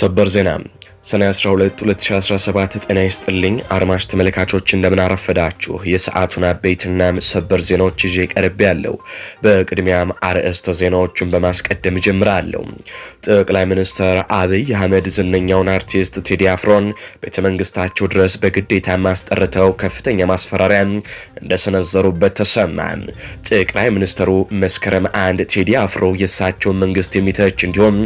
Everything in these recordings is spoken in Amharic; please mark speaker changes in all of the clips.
Speaker 1: ሰበር ዜና ሰኔ 12 2017 ጤና ይስጥልኝ አድማጭ ተመልካቾች፣ እንደምናረፈዳችሁ የሰዓቱን አበይትና ሰበር ዜናዎች ይዤ ቀርብ ያለው። በቅድሚያም አርዕስተ ዜናዎቹን በማስቀደም እጀምራለሁ። ጠቅላይ ሚኒስትር አብይ አህመድ ዝነኛውን አርቲስት ቴዲ አፍሮን ቤተመንግስታቸው ድረስ በግዴታ ማስጠርተው ከፍተኛ ማስፈራሪያ እንደሰነዘሩበት ተሰማ። ጠቅላይ ሚኒስትሩ መስከረም አንድ ቴዲ አፍሮ የእሳቸውን መንግስት የሚተች እንዲሁም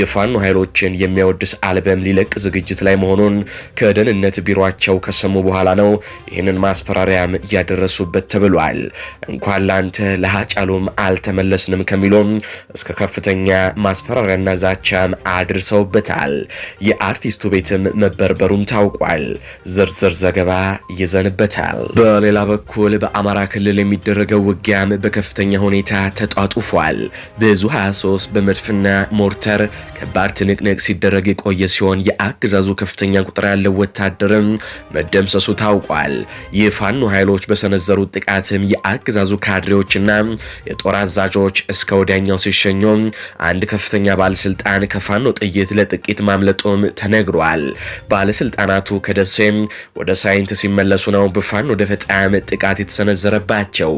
Speaker 1: የፋኖ ኃይሎችን የሚያወድስ አልበም ሊለቅዝ ዝግጅት ላይ መሆኑን ከደህንነት ቢሮቸው ከሰሙ በኋላ ነው ይህንን ማስፈራሪያም እያደረሱበት ተብሏል። እንኳን ላንተ ለሀጫሉም አልተመለስንም ከሚሉም እስከ ከፍተኛ ማስፈራሪያና ዛቻም አድርሰውበታል። የአርቲስቱ ቤትም መበርበሩም ታውቋል። ዝርዝር ዘገባ ይዘንበታል። በሌላ በኩል በአማራ ክልል የሚደረገው ውጊያም በከፍተኛ ሁኔታ ተጧጡፏል። ብዙ 23 በመድፍና ሞርተር ከባድ ትንቅንቅ ሲደረግ የቆየ ሲሆን የአ የአገዛዙ ከፍተኛ ቁጥር ያለው ወታደርም መደምሰሱ ታውቋል። የፋኖ ኃይሎች በሰነዘሩት ጥቃትም የአገዛዙ ካድሬዎችና የጦር አዛዦች እስከ ወዲያኛው ሲሸኙ አንድ ከፍተኛ ባለስልጣን ከፋኖ ጥይት ለጥቂት ማምለጡም ተነግሯል። ባለስልጣናቱ ከደሴም ወደ ሳይንት ሲመለሱ ነው በፋኖ ደፈጣም ጥቃት የተሰነዘረባቸው።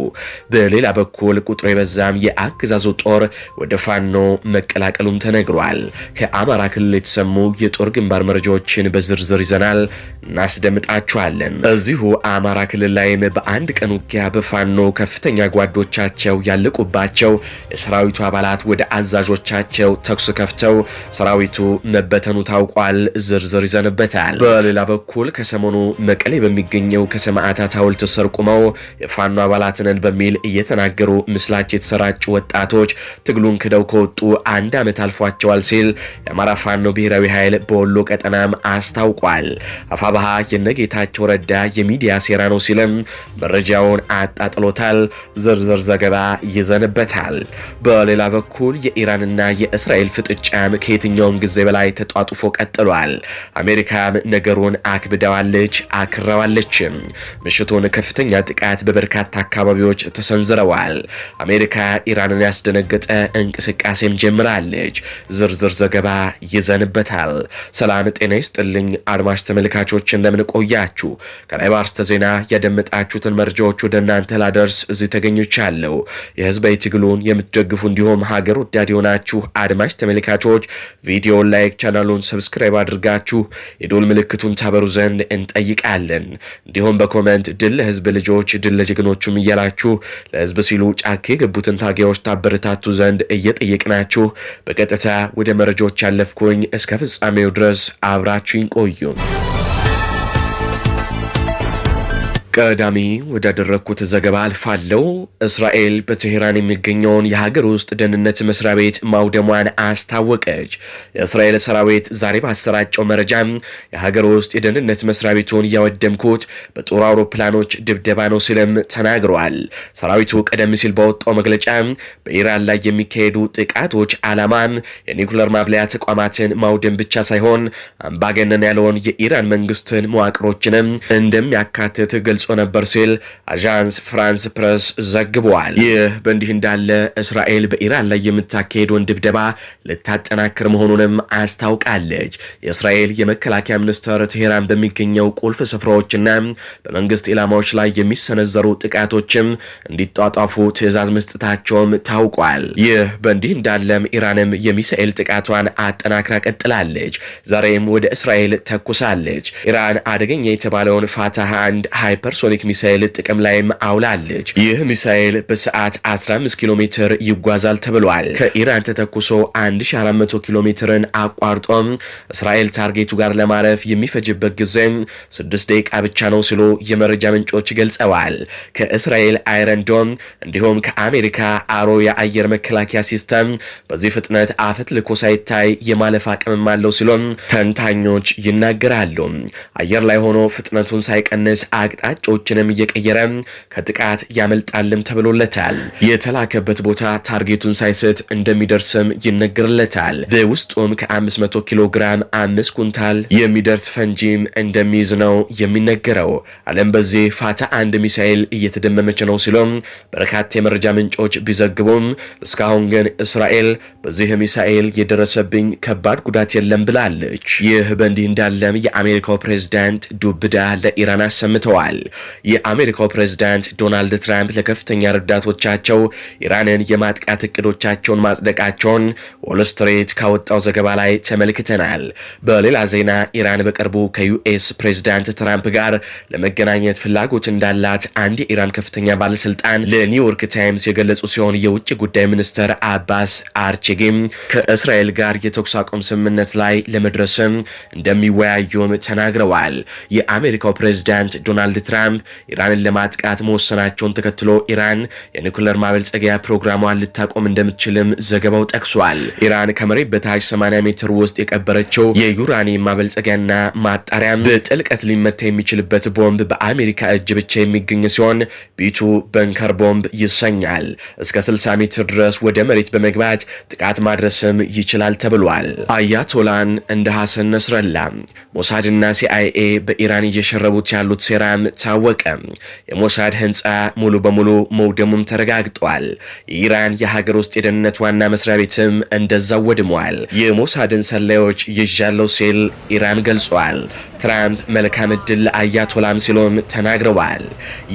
Speaker 1: በሌላ በኩል ቁጥሩ የበዛም የአገዛዙ ጦር ወደ ፋኖ መቀላቀሉም ተነግሯል። ከአማራ ክልል የተሰሙ የጦር ግንባር ነባር መረጃዎችን በዝርዝር ይዘናል እናስደምጣችኋለን። እዚሁ አማራ ክልል ላይም በአንድ ቀን ውጊያ በፋኖ ከፍተኛ ጓዶቻቸው ያለቁባቸው የሰራዊቱ አባላት ወደ አዛዦቻቸው ተኩስ ከፍተው ሰራዊቱ መበተኑ ታውቋል። ዝርዝር ይዘንበታል። በሌላ በኩል ከሰሞኑ መቀሌ በሚገኘው ከሰማዕታት ሐውልት ስር ቁመው የፋኖ አባላት ነን በሚል እየተናገሩ ምስላቸው የተሰራጩ ወጣቶች ትግሉን ክደው ከወጡ አንድ ዓመት አልፏቸዋል ሲል የአማራ ፋኖ ብሔራዊ ኃይል በወሎ ቀጠናም አስታውቋል። አፋባሃ የነጌታቸው ረዳ የሚዲያ ሴራ ነው ሲልም መረጃውን አጣጥሎታል። ዝርዝር ዘገባ ይዘንበታል። በሌላ በኩል የኢራንና የእስራኤል ፍጥጫም ከየትኛውም ጊዜ በላይ ተጧጡፎ ቀጥሏል። አሜሪካም ነገሩን አክብደዋለች አክረዋለችም። ምሽቱን ከፍተኛ ጥቃት በበርካታ አካባቢዎች ተሰንዝረዋል። አሜሪካ ኢራንን ያስደነገጠ እንቅስቃሴም ጀምራለች። ዝርዝር ዘገባ ይዘንበታል። ሰላም ሰላም ጤና ይስጥልኝ አድማሽ ተመልካቾች እንደምን ቆያችሁ? ከላይ ባርስተ ዜና ያደመጣችሁትን መረጃዎች ወደ እናንተ ላደርስ እዚህ ተገኝቻለሁ። የህዝባዊ ትግሉን የምትደግፉ እንዲሁም ሀገር ወዳድ የሆናችሁ አድማሽ ተመልካቾች ቪዲዮን ላይክ፣ ቻናሉን ሰብስክራይብ አድርጋችሁ የዶል ምልክቱን ታበሩ ዘንድ እንጠይቃለን። እንዲሁም በኮመንት ድል ለህዝብ ልጆች፣ ድል ለጀግኖቹም እያላችሁ ለህዝብ ሲሉ ጫካ የገቡትን ታጋዮች ታበረታቱ ዘንድ እየጠየቅናችሁ በቀጥታ ወደ መረጃዎች ያለፍኩኝ እስከ ፍጻሜው ድረስ አብራችሁኝ ቆዩ። ቀዳሚ ወዳደረግኩት ዘገባ አልፋለው። እስራኤል በቴሄራን የሚገኘውን የሀገር ውስጥ ደህንነት መስሪያ ቤት ማውደሟን አስታወቀች። የእስራኤል ሰራዊት ዛሬ ባሰራጨው መረጃ የሀገር ውስጥ የደህንነት መስሪያ ቤቱን እያወደምኩት በጦር አውሮፕላኖች ድብደባ ነው ሲልም ተናግረዋል። ሰራዊቱ ቀደም ሲል በወጣው መግለጫ በኢራን ላይ የሚካሄዱ ጥቃቶች ዓላማ የኒውክለር ማብለያ ተቋማትን ማውደም ብቻ ሳይሆን አምባገነን ያለውን የኢራን መንግስትን መዋቅሮችንም እንደሚያካትት ገልጾ ነበር ሲል አዣንስ ፍራንስ ፕረስ ዘግቧል። ይህ በእንዲህ እንዳለ እስራኤል በኢራን ላይ የምታካሄደውን ድብደባ ልታጠናክር መሆኑንም አስታውቃለች። የእስራኤል የመከላከያ ሚኒስትር ቴሄራን በሚገኘው ቁልፍ ስፍራዎችና በመንግስት ኢላማዎች ላይ የሚሰነዘሩ ጥቃቶችም እንዲጧጧፉ ትዕዛዝ መስጠታቸውም ታውቋል። ይህ በእንዲህ እንዳለም ኢራንም የሚሳኤል ጥቃቷን አጠናክራ ቀጥላለች። ዛሬም ወደ እስራኤል ተኩሳለች። ኢራን አደገኛ የተባለውን ፋታህ አንድ ሃይፐር ሃይፐርሶኒክ ሚሳኤል ጥቅም ላይም አውላለች። ይህ ሚሳኤል በሰዓት 15 ኪሎ ሜትር ይጓዛል ተብሏል። ከኢራን ተተኩሶ 1400 ኪሎ ሜትርን አቋርጦ እስራኤል ታርጌቱ ጋር ለማረፍ የሚፈጅበት ጊዜ 6 ደቂቃ ብቻ ነው ሲሉ የመረጃ ምንጮች ገልጸዋል። ከእስራኤል አይረንዶም እንዲሁም ከአሜሪካ አሮ የአየር መከላከያ ሲስተም በዚህ ፍጥነት አፈት ልኮ ሳይታይ የማለፍ አቅምም አለው ሲሉ ተንታኞች ይናገራሉ። አየር ላይ ሆኖ ፍጥነቱን ሳይቀንስ አቅጣ አቅጣጫዎችንም እየቀየረ ከጥቃት ያመልጣልም ተብሎለታል። የተላከበት ቦታ ታርጌቱን ሳይስት እንደሚደርስም ይነገርለታል። በውስጡም ከ500 ኪሎ ግራም አምስት ኩንታል የሚደርስ ፈንጂም እንደሚይዝ ነው የሚነገረው። አለም በዚህ ፋታ አንድ ሚሳኤል እየተደመመች ነው ሲሉም በርካታ የመረጃ ምንጮች ቢዘግቡም እስካሁን ግን እስራኤል በዚህ ሚሳኤል የደረሰብኝ ከባድ ጉዳት የለም ብላለች። ይህ በእንዲህ እንዳለም የአሜሪካው ፕሬዝዳንት ዱብዳ ለኢራን አሰምተዋል። የአሜሪካው ፕሬዝዳንት ዶናልድ ትራምፕ ለከፍተኛ ረዳቶቻቸው ኢራንን የማጥቃት እቅዶቻቸውን ማጽደቃቸውን ዎልስትሪት ካወጣው ዘገባ ላይ ተመልክተናል። በሌላ ዜና ኢራን በቅርቡ ከዩኤስ ፕሬዝዳንት ትራምፕ ጋር ለመገናኘት ፍላጎት እንዳላት አንድ የኢራን ከፍተኛ ባለስልጣን ለኒውዮርክ ታይምስ የገለጹ ሲሆን የውጭ ጉዳይ ሚኒስትር አባስ አርቼጌም ከእስራኤል ጋር የተኩስ አቁም ስምምነት ላይ ለመድረስም እንደሚወያዩም ተናግረዋል። የአሜሪካው ፕሬዝዳንት ዶናልድ ትራምፕ ትራምፕ ኢራንን ለማጥቃት መወሰናቸውን ተከትሎ ኢራን የኒኩለር ማበልጸጊያ ፕሮግራሟን ልታቆም እንደምትችልም ዘገባው ጠቅሷል። ኢራን ከመሬት በታች 80 ሜትር ውስጥ የቀበረችው የዩራኒየም ማበልጸጊያና ማጣሪያም በጥልቀት ሊመታ የሚችልበት ቦምብ በአሜሪካ እጅ ብቻ የሚገኝ ሲሆን ቢቱ በንከር ቦምብ ይሰኛል። እስከ 60 ሜትር ድረስ ወደ መሬት በመግባት ጥቃት ማድረስም ይችላል ተብሏል። አያቶላን እንደ ሐሰን ነስረላ ሞሳድና ሲአይኤ በኢራን እየሸረቡት ያሉት ሴራም ታወቀ። የሞሳድ ህንፃ ሙሉ በሙሉ መውደሙም ተረጋግጧል። የኢራን የሀገር ውስጥ የደህንነት ዋና መስሪያ ቤትም እንደዛው ወድሟል። የሞሳድን ሰላዮች ይዣለው ሲል ኢራን ገልጿል። ትራምፕ መልካም እድል ለአያቶላም ሲሉም ተናግረዋል።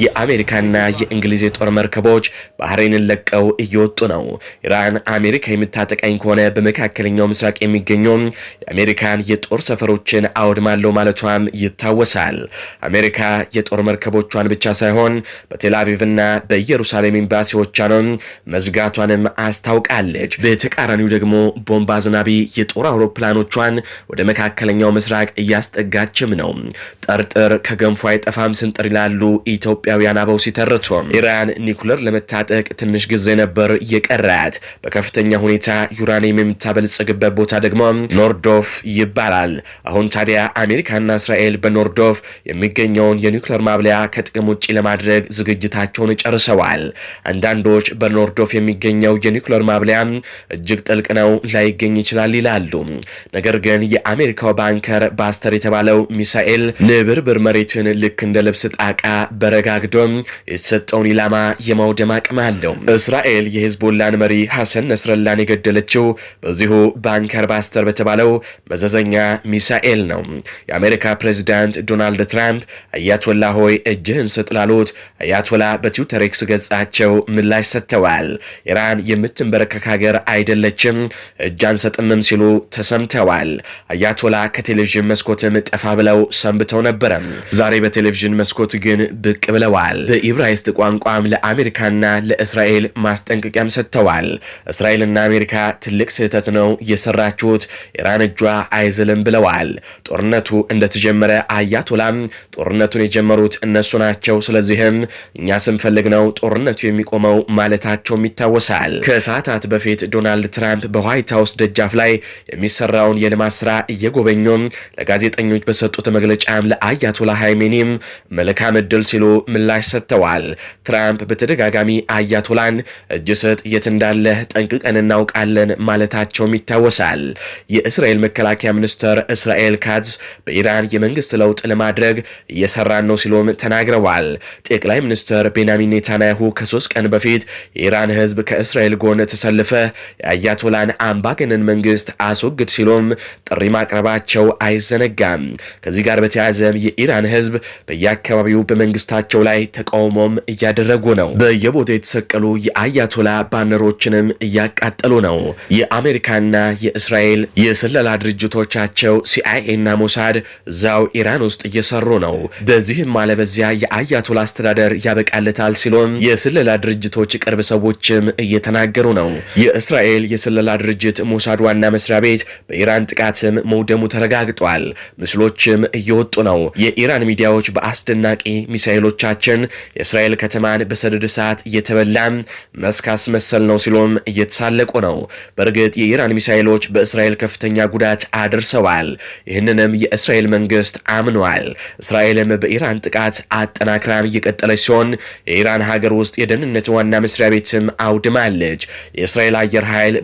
Speaker 1: የአሜሪካና የእንግሊዝ የጦር መርከቦች ባህሬንን ለቀው እየወጡ ነው። ኢራን አሜሪካ የምታጠቃኝ ከሆነ በመካከለኛው ምስራቅ የሚገኙ የአሜሪካን የጦር ሰፈሮችን አወድማለሁ ማለቷም ይታወሳል። አሜሪካ የጦር መርከቦቿን ብቻ ሳይሆን በቴላቪቭና በኢየሩሳሌም ኤምባሲዎቿንም መዝጋቷንም አስታውቃለች። በተቃራኒው ደግሞ ቦምባ አዝናቢ የጦር አውሮፕላኖቿን ወደ መካከለኛው ምስራቅ እያስጠጋችም ነው። ጠርጥር ከገንፎ አይጠፋም ስንጥር ይላሉ ኢትዮጵያውያን አበው ሲተርቱ። ኢራን ኒኩለር ለመታጠቅ ትንሽ ጊዜ ነበር የቀራት። በከፍተኛ ሁኔታ ዩራኒየም የምታበልጽግበት ቦታ ደግሞ ኖርዶፍ ይባላል። አሁን ታዲያ አሜሪካና እስራኤል በኖርዶፍ የሚገኘውን የኒኩለር ማብለያ ከጥቅም ውጭ ለማድረግ ዝግጅታቸውን ጨርሰዋል። አንዳንዶች በኖርዶፍ የሚገኘው የኒውክሌር ማብለያ እጅግ ጥልቅ ነው፣ ላይገኝ ይችላል ይላሉ። ነገር ግን የአሜሪካው ባንከር ባስተር የተባለው ሚሳኤል ንብርብር መሬትን ልክ እንደ ልብስ ጣቃ በረጋግዶ የተሰጠውን ኢላማ የማውደም አቅም አለው። እስራኤል የሂዝቦላን መሪ ሐሰን ነስረላን የገደለችው በዚሁ ባንከር ባስተር በተባለው መዘዘኛ ሚሳኤል ነው። የአሜሪካ ፕሬዚዳንት ዶናልድ ትራምፕ አያቶላሁ ሆይ እጅህን ስጥ ላሉት አያቶላ በትዊተር ኤክስ ገጻቸው ምላሽ ሰጥተዋል። ኢራን የምትንበረከክ ሀገር አይደለችም፣ እጅ አንሰጥምም ሲሉ ተሰምተዋል። አያቶላ ከቴሌቪዥን መስኮትም ጠፋ ብለው ሰንብተው ነበረም። ዛሬ በቴሌቪዥን መስኮት ግን ብቅ ብለዋል። በኢብራይስጥ ቋንቋም ለአሜሪካና ለእስራኤል ማስጠንቀቂያም ሰጥተዋል። እስራኤልና አሜሪካ ትልቅ ስህተት ነው የሰራችሁት፣ ኢራን እጇ አይዝልም ብለዋል። ጦርነቱ እንደተጀመረ አያቶላም ጦርነቱን የጀመሩት እነሱ ናቸው። ስለዚህም እኛ ስንፈልግ ነው ጦርነቱ የሚቆመው ማለታቸውም ይታወሳል። ከሰዓታት በፊት ዶናልድ ትራምፕ በዋይት ሀውስ ደጃፍ ላይ የሚሰራውን የልማት ስራ እየጎበኙም ለጋዜጠኞች በሰጡት መግለጫም ለአያቶላ ሃይሜኒም መልካም እድል ሲሉ ምላሽ ሰጥተዋል። ትራምፕ በተደጋጋሚ አያቶላን እጅ ስጥ፣ የት እንዳለህ ጠንቅቀን እናውቃለን ማለታቸውም ይታወሳል። የእስራኤል መከላከያ ሚኒስትር እስራኤል ካትዝ በኢራን የመንግስት ለውጥ ለማድረግ እየሰራን ነው ሲሉ ሲሉም ተናግረዋል። ጠቅላይ ሚኒስትር ቤንያሚን ኔታንያሁ ከሶስት ቀን በፊት የኢራን ህዝብ ከእስራኤል ጎን ተሰልፈ የአያቶላን አምባገነን መንግስት አስወግድ ሲሉም ጥሪ ማቅረባቸው አይዘነጋም። ከዚህ ጋር በተያያዘም የኢራን ህዝብ በየአካባቢው በመንግስታቸው ላይ ተቃውሞም እያደረጉ ነው። በየቦታው የተሰቀሉ የአያቶላ ባነሮችንም እያቃጠሉ ነው። የአሜሪካና የእስራኤል የስለላ ድርጅቶቻቸው ሲአይኤና ሞሳድ እዛው ኢራን ውስጥ እየሰሩ ነው። በዚህም አለበዚያ የአያቶላ አስተዳደር ያበቃለታል ሲሉም የስለላ ድርጅቶች ቅርብ ሰዎችም እየተናገሩ ነው። የእስራኤል የስለላ ድርጅት ሞሳድ ዋና መስሪያ ቤት በኢራን ጥቃትም መውደሙ ተረጋግጧል። ምስሎችም እየወጡ ነው። የኢራን ሚዲያዎች በአስደናቂ ሚሳኤሎቻችን የእስራኤል ከተማን በሰደድ እሳት እየተበላም መስካስ መሰል ነው ሲሉም እየተሳለቁ ነው። በእርግጥ የኢራን ሚሳኤሎች በእስራኤል ከፍተኛ ጉዳት አድርሰዋል። ይህንንም የእስራኤል መንግስት አምኗል። እስራኤልም በኢራን ጥቃት አጠናክራም እየቀጠለች ሲሆን የኢራን ሀገር ውስጥ የደህንነት ዋና መስሪያ ቤትም አውድማለች። የእስራኤል አየር ኃይል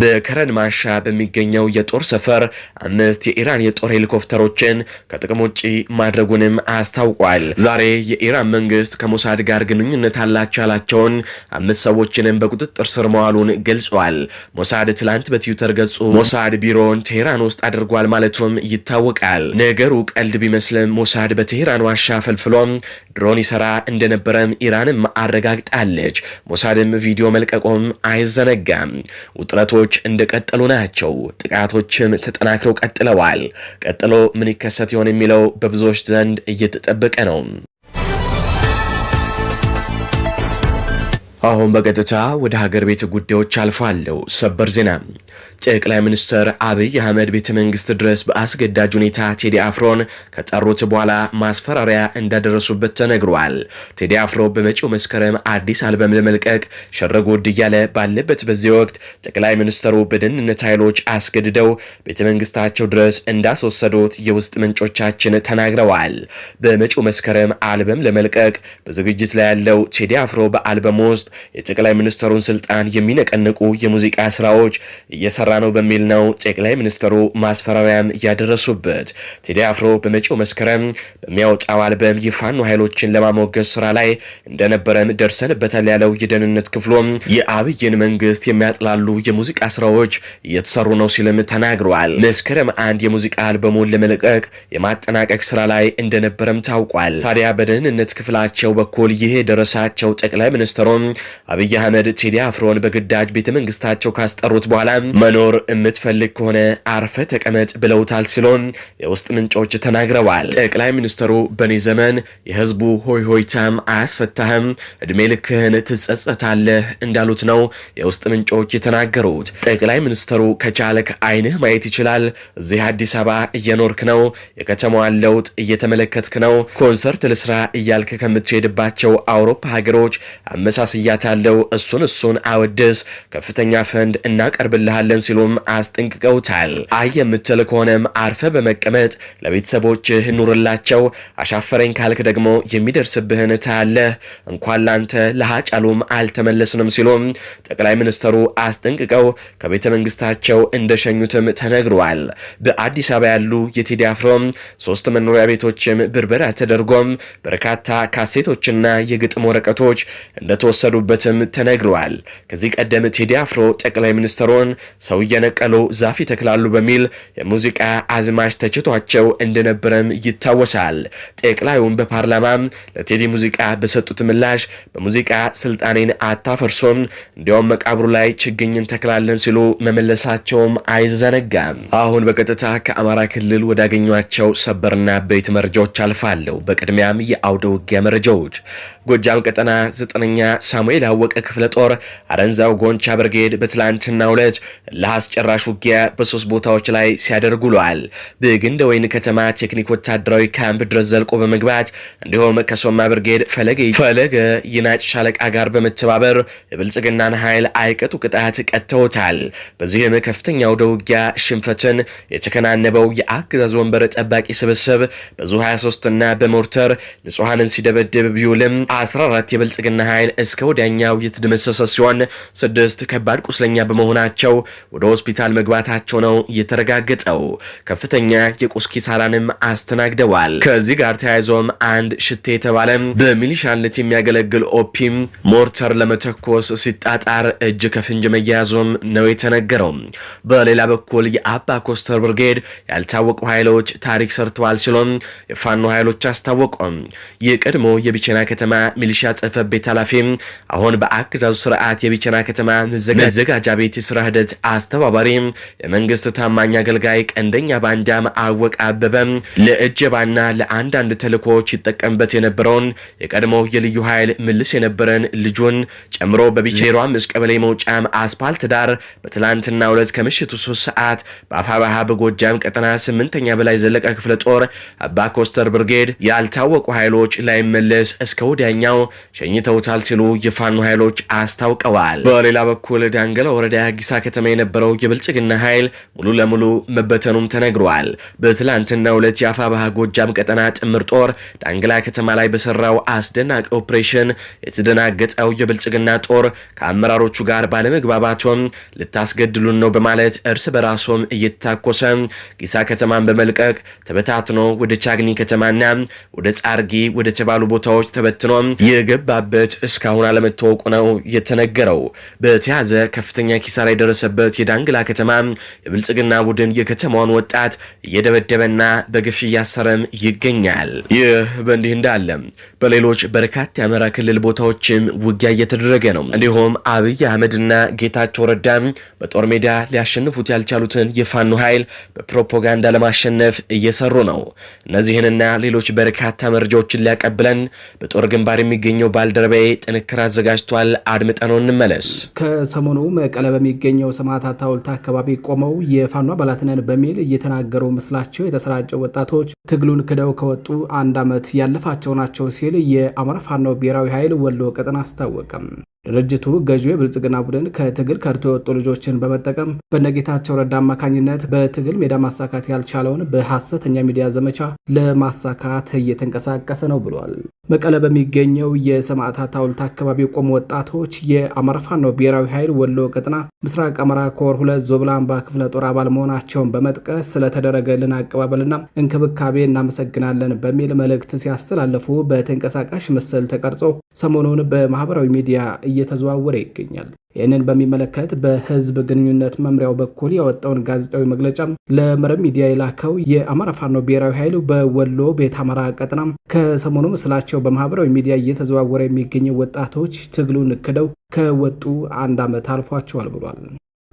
Speaker 1: በከረን ማሻ በሚገኘው የጦር ሰፈር አምስት የኢራን የጦር ሄሊኮፕተሮችን ከጥቅም ውጭ ማድረጉንም አስታውቋል። ዛሬ የኢራን መንግስት ከሞሳድ ጋር ግንኙነት አላቸው ያላቸውን አምስት ሰዎችንም በቁጥጥር ስር መዋሉን ገልጿል። ሞሳድ ትላንት በትዊተር ገጹ ሞሳድ ቢሮውን ቴህራን ውስጥ አድርጓል ማለቱም ይታወቃል። ነገሩ ቀልድ ቢመስልም ሞሳድ በቴህራን ዋሻ ተፈልፍሎም ድሮን ይሰራ እንደነበረም ኢራንም አረጋግጣለች። ሞሳድም ቪዲዮ መልቀቆም አይዘነጋም። ውጥረቶች እንደቀጠሉ ናቸው። ጥቃቶችም ተጠናክረው ቀጥለዋል። ቀጥሎ ምን ይከሰት ይሆን የሚለው በብዙዎች ዘንድ እየተጠበቀ ነው። አሁን በቀጥታ ወደ ሀገር ቤት ጉዳዮች አልፋለሁ። ሰበር ዜና ጠቅላይ ሚኒስትር አብይ አህመድ ቤተ መንግስት ድረስ በአስገዳጅ ሁኔታ ቴዲ አፍሮን ከጠሩት በኋላ ማስፈራሪያ እንዳደረሱበት ተነግሯል። ቴዲ አፍሮ በመጪው መስከረም አዲስ አልበም ለመልቀቅ ሸረጎድ እያለ ባለበት በዚህ ወቅት ጠቅላይ ሚኒስትሩ በደህንነት ኃይሎች አስገድደው ቤተ መንግስታቸው ድረስ እንዳስወሰዱት የውስጥ ምንጮቻችን ተናግረዋል። በመጪው መስከረም አልበም ለመልቀቅ በዝግጅት ላይ ያለው ቴዲ አፍሮ በአልበም ውስጥ የጠቅላይ ሚኒስትሩን ስልጣን የሚነቀንቁ የሙዚቃ ስራዎች እየሰራ ነው በሚል ነው ጠቅላይ ሚኒስትሩ ማስፈራሪያም ያደረሱበት። ቴዲ አፍሮ በመጪው መስከረም በሚያወጣው አልበም የፋኖ ኃይሎችን ለማሞገስ ስራ ላይ እንደነበረም ደርሰንበታል ያለው የደህንነት ክፍሎም የአብይን መንግስት የሚያጥላሉ የሙዚቃ ስራዎች እየተሰሩ ነው ሲልም ተናግሯል። መስከረም አንድ የሙዚቃ አልበሙን ለመለቀቅ የማጠናቀቅ ስራ ላይ እንደነበረም ታውቋል። ታዲያ በደህንነት ክፍላቸው በኩል ይሄ ደረሳቸው ጠቅላይ ሚኒስትሩም አብይ አህመድ ቴዲ አፍሮን በግዳጅ ቤተ መንግስታቸው ካስጠሩት በኋላ መኖር የምትፈልግ ከሆነ አርፈ ተቀመጥ ብለውታል ሲሎን የውስጥ ምንጮች ተናግረዋል። ጠቅላይ ሚኒስትሩ በኔ ዘመን የህዝቡ ሆይ ሆይታም አያስፈታህም፣ እድሜ ልክህን ትጸጸታለህ እንዳሉት ነው የውስጥ ምንጮች የተናገሩት። ጠቅላይ ሚኒስትሩ ከቻልክ አይንህ ማየት ይችላል፣ እዚህ አዲስ አበባ እየኖርክ ነው፣ የከተማዋን ለውጥ እየተመለከትክ ነው፣ ኮንሰርት ልስራ እያልክ ከምትሄድባቸው አውሮፓ ሀገሮች አመሳስያ እለያታለሁ። እሱን እሱን አወድስ ከፍተኛ ፈንድ እናቀርብልሃለን ሲሉም አስጠንቅቀውታል። አይ የምትል ከሆነም አርፈ በመቀመጥ ለቤተሰቦችህ ኑርላቸው፣ አሻፈረኝ ካልክ ደግሞ የሚደርስብህን ታያለህ። እንኳን ላንተ ለሀጫሉም አልተመለስንም ሲሉም ጠቅላይ ሚኒስትሩ አስጠንቅቀው ከቤተ መንግስታቸው እንደሸኙትም ተነግሯል። በአዲስ አበባ ያሉ የቴዲ አፍሮም ሶስት መኖሪያ ቤቶችም ብርበራ ተደርጎም በርካታ ካሴቶችና የግጥም ወረቀቶች እንደተወሰዱ እንደሚሰሩበትም ተነግረዋል። ከዚህ ቀደም ቴዲ አፍሮ ጠቅላይ ሚኒስትሩን ሰው እየነቀሉ ዛፍ ይተክላሉ በሚል የሙዚቃ አዝማች ተችቷቸው እንደነበረም ይታወሳል። ጠቅላዩም በፓርላማም ለቴዲ ሙዚቃ በሰጡት ምላሽ በሙዚቃ ስልጣኔን አታፈርሶም፣ እንዲያውም መቃብሩ ላይ ችግኝን ተክላለን ሲሉ መመለሳቸውም አይዘነጋም። አሁን በቀጥታ ከአማራ ክልል ወዳገኟቸው ሰበርና ቤት መረጃዎች አልፋለሁ። በቅድሚያም የአውደ ውጊያ መረጃዎች ጎጃም ቀጠና ዘጠነኛ ሳሙኤል አወቀ ክፍለ ጦር አረንዛው ጎንቻ ብርጌድ በትላንትናው ሁለት ለአስጨራሽ ውጊያ በሶስት ቦታዎች ላይ ሲያደርጉ ውሏል። በግንደ ወይን ከተማ ቴክኒክ ወታደራዊ ካምፕ ድረስ ዘልቆ በመግባት እንዲሁም ከሶማ ብርጌድ ፈለገ ይናጭ ሻለቃ ጋር በመተባበር የብልጽግናን ኃይል አይቀጡ ቅጣት ቀጥተውታል። በዚህም ከፍተኛ ወደ ውጊያ ሽንፈትን የተከናነበው የአገዛዝ ወንበር ጠባቂ ስብስብ በዙ 23 እና በሞርተር ንጹሐንን ሲደበድብ ቢውልም 14 የብልጽግና ኃይል እስከ ወዲያኛው የተደመሰሰ ሲሆን ስድስት ከባድ ቁስለኛ በመሆናቸው ወደ ሆስፒታል መግባታቸው ነው የተረጋገጠው። ከፍተኛ የቁስ ኪሳራንም አስተናግደዋል። ከዚህ ጋር ተያይዞም አንድ ሽቴ የተባለ በሚሊሻነት የሚያገለግል ኦፒም ሞርተር ለመተኮስ ሲጣጣር እጅ ከፍንጅ መያያዙም ነው የተነገረው። በሌላ በኩል የአባ ኮስተር ብርጌድ ያልታወቁ ኃይሎች ታሪክ ሰርተዋል ሲሎም የፋኖ ኃይሎች አስታወቁም። የቀድሞ የቢቸና ከተማ ሚሊሻ ጽህፈት ቤት ኃላፊ አሁን በአገዛዙ ስርዓት የቢቸና ከተማ መዘጋጃ ቤት የስራ ሂደት አስተባባሪ የመንግስት ታማኝ አገልጋይ ቀንደኛ ባንዳ አወቀ አበበ ለእጀባና ለአንዳንድ ተልእኮዎች ይጠቀምበት የነበረውን የቀድሞ የልዩ ኃይል ምልስ የነበረን ልጁን ጨምሮ በቢ05 ቀበሌ መውጫም አስፓልት ዳር በትላንትና ሁለት ከምሽቱ 3 ሰዓት በአፋባሃ በጎጃም ቀጠና 8ኛ በላይ ዘለቀ ክፍለ ጦር አባ ኮስተር ብርጌድ ያልታወቁ ኃይሎች ላይመለስ እስከ ወዲያ በአብዛኛው ሸኝተውታል ሲሉ የፋኖ ኃይሎች አስታውቀዋል። በሌላ በኩል ዳንገላ ወረዳ ጊሳ ከተማ የነበረው የብልጽግና ኃይል ሙሉ ለሙሉ መበተኑም ተነግሯል። በትላንትናው ዕለት የአፋ ባህ ጎጃም ቀጠና ጥምር ጦር ዳንገላ ከተማ ላይ በሰራው አስደናቂ ኦፕሬሽን የተደናገጠው የብልጽግና ጦር ከአመራሮቹ ጋር ባለመግባባቱም ልታስገድሉን ነው በማለት እርስ በራሱም እየተታኮሰ ጊሳ ከተማን በመልቀቅ ተበታትኖ ወደ ቻግኒ ከተማና ወደ ጻርጊ ወደ ተባሉ ቦታዎች ተበትኖ ሆኖም የገባበት እስካሁን አለመታወቁ ነው የተነገረው። በተያዘ ከፍተኛ ኪሳራ የደረሰበት የዳንግላ ከተማ የብልጽግና ቡድን የከተማውን ወጣት እየደበደበና በግፍ እያሰረም ይገኛል። ይህ በእንዲህ እንዳለ በሌሎች በርካታ የአማራ ክልል ቦታዎችም ውጊያ እየተደረገ ነው። እንዲሁም አብይ አህመድና ጌታቸው ረዳ በጦር ሜዳ ሊያሸንፉት ያልቻሉትን የፋኖ ኃይል በፕሮፓጋንዳ ለማሸነፍ እየሰሩ ነው። እነዚህንና ሌሎች በርካታ መረጃዎችን ሊያቀብለን በጦር ግንባ በግንባር የሚገኘው ባልደረባዬ ጥንክር አዘጋጅቷል። አድምጠነው እንመለስ። ከሰሞኑ መቀለ በሚገኘው ሰማዕታት ሐውልት አካባቢ ቆመው የፋኖ አባላት ነን በሚል እየተናገሩ ምስላቸው የተሰራጨው ወጣቶች ትግሉን ክደው ከወጡ አንድ ዓመት ያለፋቸው ናቸው ሲል የአማራ ፋኖ ብሔራዊ ኃይል ወሎ ቀጠና አስታወቀም። ድርጅቱ ገዢ የብልጽግና ቡድን ከትግል ከርቶ የወጡ ልጆችን በመጠቀም በነጌታቸው ረዳ አማካኝነት በትግል ሜዳ ማሳካት ያልቻለውን በሐሰተኛ ሚዲያ ዘመቻ ለማሳካት እየተንቀሳቀሰ ነው ብሏል። መቀለ በሚገኘው የሰማዕታት ሐውልት አካባቢ የቆሙ ወጣቶች የአማራ ፋኖ ብሔራዊ ኃይል ወሎ ቀጥና ምስራቅ አማራ ኮር ሁለት ዞብላ አምባ ክፍለ ጦር አባል መሆናቸውን በመጥቀስ ስለተደረገልን አቀባበልና እንክብካቤ እናመሰግናለን በሚል መልእክት ሲያስተላለፉ በተንቀሳቃሽ ምስል ተቀርጾ ሰሞኑን በማህበራዊ ሚዲያ እየተዘዋወረ ይገኛል። ይህንን በሚመለከት በህዝብ ግንኙነት መምሪያው በኩል ያወጣውን ጋዜጣዊ መግለጫ ለመረብ ሚዲያ የላከው የአማራ ፋኖ ብሔራዊ ኃይል በወሎ ቤት አማራ ቀጠና ከሰሞኑ ምስላቸው በማህበራዊ ሚዲያ እየተዘዋወረ የሚገኘው ወጣቶች ትግሉን ክደው ከወጡ አንድ ዓመት አልፏቸዋል ብሏል።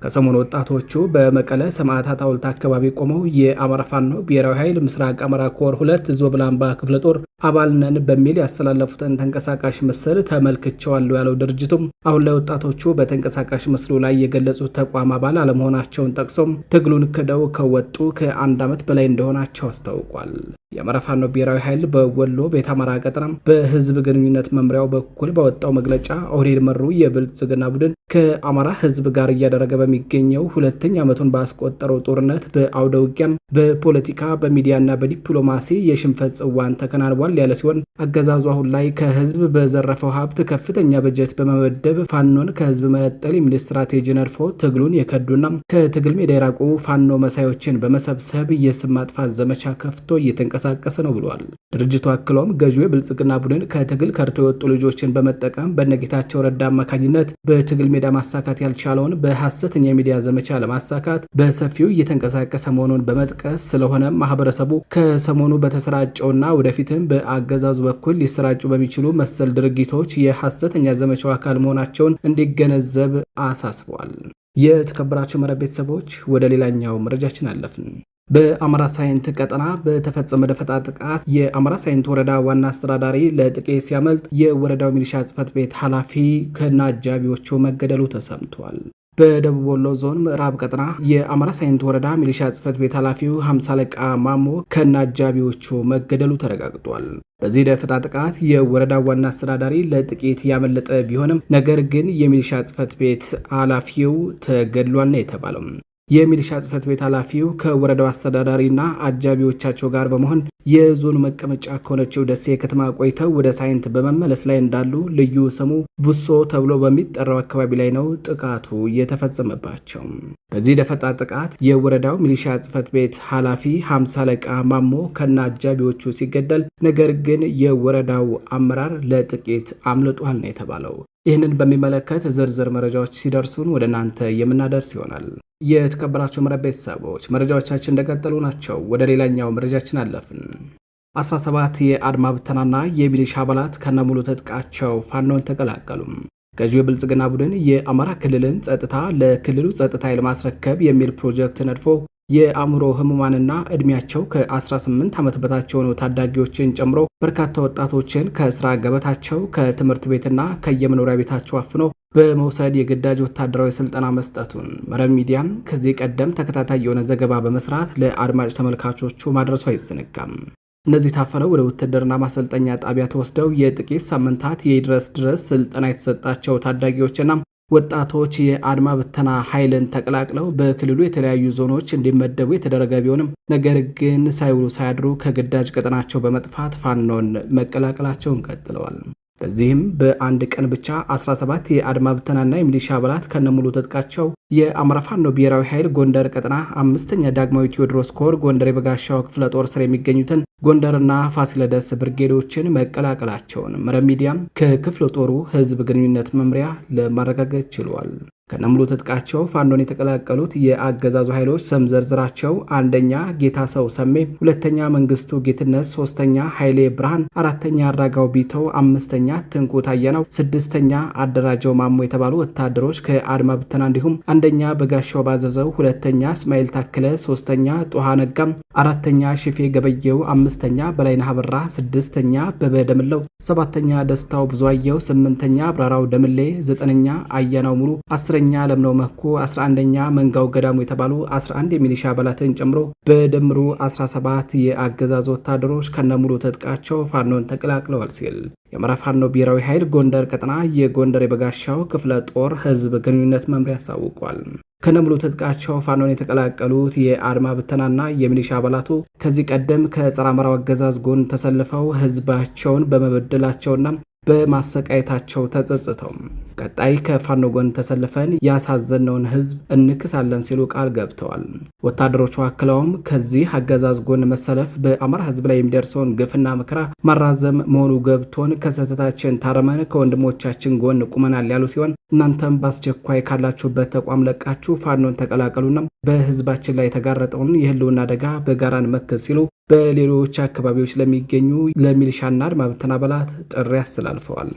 Speaker 1: ከሰሞኑ ወጣቶቹ በመቀለ ሰማዕታት ሐውልት አካባቢ ቆመው የአማራ ፋኖ ብሔራዊ ኃይል ምስራቅ አማራ ኮር ሁለት ዞብላምባ ክፍለ ጦር አባልነን በሚል ያስተላለፉትን ተንቀሳቃሽ ምስል ተመልክቸዋለሁ ያለው ድርጅቱም አሁን ላይ ወጣቶቹ በተንቀሳቃሽ ምስሉ ላይ የገለጹት ተቋም አባል አለመሆናቸውን ጠቅሶም ትግሉን ክደው ከወጡ ከአንድ ዓመት በላይ እንደሆናቸው አስታውቋል። የአማራ ፋኖ ብሔራዊ ኃይል በወሎ ቤት አማራ ቀጠና በህዝብ ግንኙነት መምሪያው በኩል በወጣው መግለጫ ኦህዴድ መሩ የብልጽግና ቡድን ከአማራ ህዝብ ጋር እያደረገ በሚ በሚገኘው ሁለተኛ ዓመቱን ባስቆጠረው ጦርነት በአውደ ውጊያም በፖለቲካ በሚዲያና በዲፕሎማሲ የሽንፈት ጽዋን ተከናንቧል ያለ ሲሆን አገዛዙ አሁን ላይ ከህዝብ በዘረፈው ሀብት ከፍተኛ በጀት በመመደብ ፋኖን ከህዝብ መነጠል የሚል ስትራቴጂ ነድፎ ትግሉን የከዱና ከትግል ሜዳ የራቁ ፋኖ መሳዮችን በመሰብሰብ የስም ማጥፋት ዘመቻ ከፍቶ እየተንቀሳቀሰ ነው ብሏል። ድርጅቱ አክሎም ገዢው የብልጽግና ቡድን ከትግል ከርቶ የወጡ ልጆችን በመጠቀም በነጌታቸው ረዳ አማካኝነት በትግል ሜዳ ማሳካት ያልቻለውን በሀሰት ገለልተኛ የሚዲያ ዘመቻ ለማሳካት በሰፊው እየተንቀሳቀሰ መሆኑን በመጥቀስ ስለሆነ ማህበረሰቡ ከሰሞኑ በተሰራጨውና ወደፊትም በአገዛዙ በኩል ሊሰራጩ በሚችሉ መሰል ድርጊቶች የሐሰተኛ ዘመቻው አካል መሆናቸውን እንዲገነዘብ አሳስቧል። የተከበራቸው መረብ ቤተሰቦች ወደ ሌላኛው መረጃችን አለፍን። በአማራ ሳይንት ቀጠና በተፈጸመ ደፈጣ ጥቃት የአማራ ሳይንት ወረዳ ዋና አስተዳዳሪ ለጥቄ ሲያመልጥ የወረዳው ሚሊሻ ጽፈት ቤት ኃላፊ ከነ አጃቢዎቹ መገደሉ ተሰምቷል። በደቡብ ወሎ ዞን ምዕራብ ቀጠና የአማራ ሳይንት ወረዳ ሚሊሻ ጽህፈት ቤት ኃላፊው ሀምሳ አለቃ ማሞ ከነአጃቢዎቹ መገደሉ ተረጋግጧል። በዚህ ደፈጣ ጥቃት የወረዳ ዋና አስተዳዳሪ ለጥቂት ያመለጠ ቢሆንም ነገር ግን የሚሊሻ ጽህፈት ቤት ኃላፊው ተገድሏል ነው የተባለው። የሚሊሻ ጽህፈት ቤት ኃላፊው ከወረዳው አስተዳዳሪና አጃቢዎቻቸው ጋር በመሆን የዞኑ መቀመጫ ከሆነችው ደሴ ከተማ ቆይተው ወደ ሳይንት በመመለስ ላይ እንዳሉ ልዩ ስሙ ቡሶ ተብሎ በሚጠራው አካባቢ ላይ ነው ጥቃቱ የተፈጸመባቸው። በዚህ ደፈጣ ጥቃት የወረዳው ሚሊሻ ጽህፈት ቤት ኃላፊ ሀምሳ አለቃ ማሞ ከና አጃቢዎቹ ሲገደል፣ ነገር ግን የወረዳው አመራር ለጥቂት አምልጧል ነው የተባለው። ይህንን በሚመለከት ዝርዝር መረጃዎች ሲደርሱን ወደ እናንተ የምናደርስ ይሆናል። የተከበራቸው መረብ ቤተሰቦች መረጃዎቻችን እንደቀጠሉ ናቸው። ወደ ሌላኛው መረጃችን አለፍን። 17 የአድማ ብተናና የሚሊሻ አባላት ከነሙሉ ትጥቃቸው ፋኖን ተቀላቀሉ። ገዢው የብልጽግና ቡድን የአማራ ክልልን ጸጥታ ለክልሉ ጸጥታ ለማስረከብ የሚል ፕሮጀክት ነድፎ የአእምሮ ህሙማንና ዕድሜያቸው ከ18 ዓመት በታች የሆኑ ታዳጊዎችን ጨምሮ በርካታ ወጣቶችን ከስራ ገበታቸው ከትምህርት ቤትና ከየመኖሪያ ቤታቸው አፍኖ በመውሰድ የግዳጅ ወታደራዊ ስልጠና መስጠቱን መረብ ሚዲያም ከዚህ ቀደም ተከታታይ የሆነ ዘገባ በመስራት ለአድማጭ ተመልካቾቹ ማድረሱ አይዘነጋም። እነዚህ ታፈነው ወደ ውትድርና ማሰልጠኛ ጣቢያ ተወስደው የጥቂት ሳምንታት የድረስ ድረስ ስልጠና የተሰጣቸው ታዳጊዎችና ወጣቶች የአድማ ብተና ኃይልን ተቀላቅለው በክልሉ የተለያዩ ዞኖች እንዲመደቡ የተደረገ ቢሆንም ነገር ግን ሳይውሉ ሳያድሩ ከግዳጅ ቀጠናቸው በመጥፋት ፋኖን መቀላቀላቸውን ቀጥለዋል። በዚህም በአንድ ቀን ብቻ 17 የአድማ ብተናና የሚሊሻ አባላት ከነሙሉ ትጥቃቸው የአማራ ፋኖ ብሔራዊ ኃይል ጎንደር ቀጠና አምስተኛ ዳግማዊ ቴዎድሮስ ኮር ጎንደር የበጋሻው ክፍለ ጦር ስር የሚገኙትን ጎንደርና ፋሲለደስ ብርጌዶችን መቀላቀላቸውን መረብ ሚዲያም ከክፍለ ጦሩ ህዝብ ግንኙነት መምሪያ ለማረጋገጥ ችሏል። ከነሙሉ ትጥቃቸው ፋኖን የተቀላቀሉት የአገዛዙ ኃይሎች ስም ዝርዝራቸው አንደኛ ጌታ ሰው ሰሜ፣ ሁለተኛ መንግስቱ ጌትነት፣ ሶስተኛ ኃይሌ ብርሃን፣ አራተኛ አራጋው ቢተው አምስተኛ ትንኩ ታየነው፣ ስድስተኛ አደራጀው ማሞ የተባሉ ወታደሮች ከአድማ ብተና እንዲሁም አንደኛ በጋሻው ባዘዘው፣ ሁለተኛ እስማኤል ታክለ፣ ሶስተኛ ጦሃ ነጋም፣ አራተኛ ሽፌ ገበየው፣ አምስተኛ በላይነህ አበራ፣ ስድስተኛ በበደምለው፣ ሰባተኛ ደስታው ብዙአየው፣ ስምንተኛ አብራራው ደምሌ፣ ዘጠነኛ አያናው ሙሉ፣ አስረኛ አርበኛ ለምነው መኩ 11ኛ መንጋው ገዳሙ የተባሉ 11 የሚሊሻ አባላትን ጨምሮ በድምሩ 17 የአገዛዝ ወታደሮች ከነሙሉ ትጥቃቸው ፋኖን ተቀላቅለዋል ሲል የአማራ ፋኖ ብሔራዊ ኃይል ጎንደር ቀጠና የጎንደር የበጋሻው ክፍለ ጦር ህዝብ ግንኙነት መምሪያ አሳውቋል። ከነሙሉ ትጥቃቸው ፋኖን የተቀላቀሉት የአድማ ብተናና የሚሊሻ አባላቱ ከዚህ ቀደም ከጸረ አማራው አገዛዝ ጎን ተሰልፈው ህዝባቸውን በመበደላቸውና በማሰቃየታቸው ተጸጽተው ቀጣይ ከፋኖ ጎን ተሰልፈን ያሳዘነውን ህዝብ እንክሳለን ሲሉ ቃል ገብተዋል። ወታደሮቹ አክለውም ከዚህ አገዛዝ ጎን መሰለፍ በአማራ ህዝብ ላይ የሚደርሰውን ግፍና መከራ ማራዘም መሆኑ ገብቶን ከስህተታችን ታርመን ከወንድሞቻችን ጎን ቁመናል ያሉ ሲሆን እናንተም በአስቸኳይ ካላችሁበት ተቋም ለቃችሁ ፋኖን ተቀላቀሉና በህዝባችን ላይ የተጋረጠውን የህልውና አደጋ በጋራ መከዝ ሲሉ በሌሎች አካባቢዎች ለሚገኙ ለሚልሻና አድማ ብተና አባላት ጥሪ አስተላልፈዋል።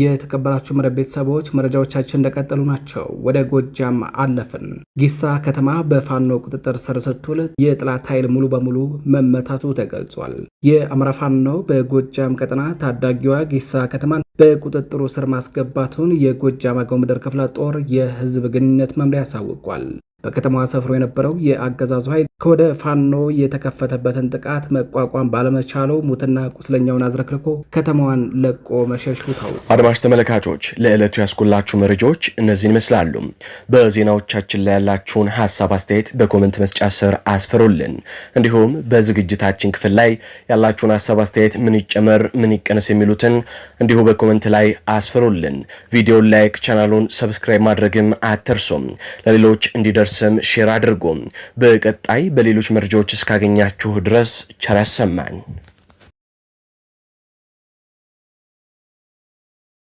Speaker 1: የተከበራችሁ መረብ ቤተሰቦች መረጃዎቻችን እንደቀጠሉ ናቸው። ወደ ጎጃም አለፍን። ጊሳ ከተማ በፋኖ ቁጥጥር ስር ስትውል የጥላት ኃይል ሙሉ በሙሉ መመታቱ ተገልጿል። የአማራ ፋኖ በጎጃም ቀጠና ታዳጊዋ ጊሳ ከተማን በቁጥጥሩ ስር ማስገባቱን የጎጃም አገው ምድር ክፍለ ጦር የህዝብ ግንኙነት መምሪያ አሳውቋል። በከተማዋ ሰፍሮ የነበረው የአገዛዙ ኃይል ከወደ ፋኖ የተከፈተበትን ጥቃት መቋቋም ባለመቻለው ሙትና ቁስለኛውን አዝረክርኮ ከተማዋን ለቆ መሸሹ ታውቋል። አድማሽ ተመልካቾች ለዕለቱ ያስኩላችሁ መረጃዎች እነዚህን ይመስላሉ። በዜናዎቻችን ላይ ያላችሁን ሀሳብ አስተያየት በኮመንት መስጫ ስር አስፈሩልን። እንዲሁም በዝግጅታችን ክፍል ላይ ያላችሁን ሀሳብ አስተያየት፣ ምን ይጨመር ምን ይቀነስ የሚሉትን እንዲሁ በኮመንት ላይ አስፈሩልን። ቪዲዮን ላይክ፣ ቻናሉን ሰብስክራይብ ማድረግም አትርሱም። ለሌሎች እንዲደርስ እንዲደርስም ሼር አድርጉ። በቀጣይ በሌሎች መረጃዎች እስካገኛችሁ ድረስ ቸር ያሰማን።